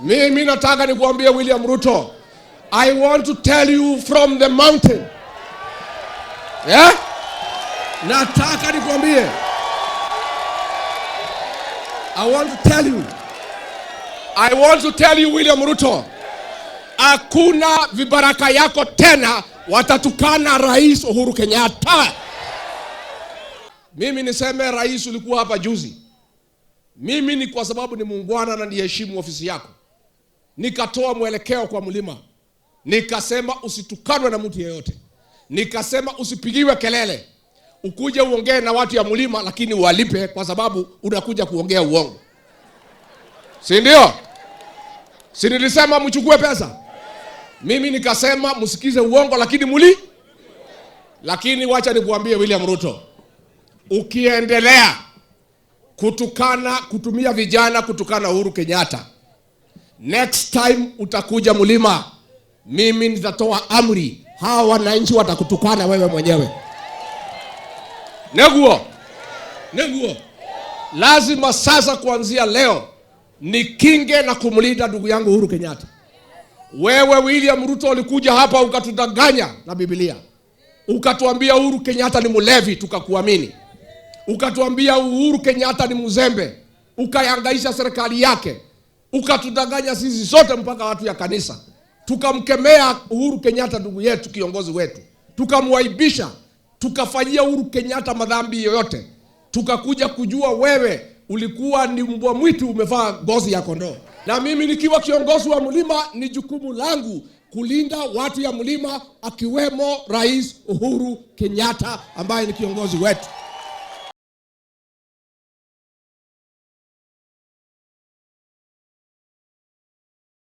Mimi nataka nikuambie William Ruto, I want to tell you from the mountain. Yeah? Nataka nikuambie. I want to tell you. I want to tell you William Ruto. Hakuna vibaraka yako tena watatukana Rais Uhuru Kenyatta. Mimi niseme rais, ulikuwa hapa juzi. Mimi ni kwa sababu ni muungwana na niheshimu ofisi yako nikatoa mwelekeo kwa mlima, nikasema usitukanwe na mtu yeyote, nikasema usipigiwe kelele, ukuje uongee na watu ya mlima, lakini walipe, kwa sababu unakuja kuongea uongo, si ndio? Si nilisema mchukue pesa? Mimi nikasema msikize uongo, lakini muli. Lakini wacha nikuambie, William Ruto, ukiendelea kutukana, kutumia vijana kutukana Uhuru Kenyatta Next time utakuja mlima, mimi nitatoa amri, hawa wananchi watakutukana wewe mwenyewe. Neguo, neguo, lazima sasa kuanzia leo nikinge na kumlinda ndugu yangu Uhuru Kenyatta. Wewe William Ruto ulikuja hapa ukatudanganya na Biblia, ukatuambia Uhuru Kenyatta ni mlevi, tukakuamini. Ukatuambia Uhuru Kenyatta ni mzembe, ukayangaisha serikali yake ukatudanganya sisi sote mpaka watu ya kanisa tukamkemea Uhuru Kenyatta ndugu yetu kiongozi wetu, tukamwaibisha, tukafanyia Uhuru Kenyatta madhambi yoyote, tukakuja kujua wewe ulikuwa ni mbwa mwitu umevaa ngozi ya kondoo. Na mimi nikiwa kiongozi wa mlima, ni jukumu langu kulinda watu ya mlima, akiwemo Rais Uhuru Kenyatta ambaye ni kiongozi wetu.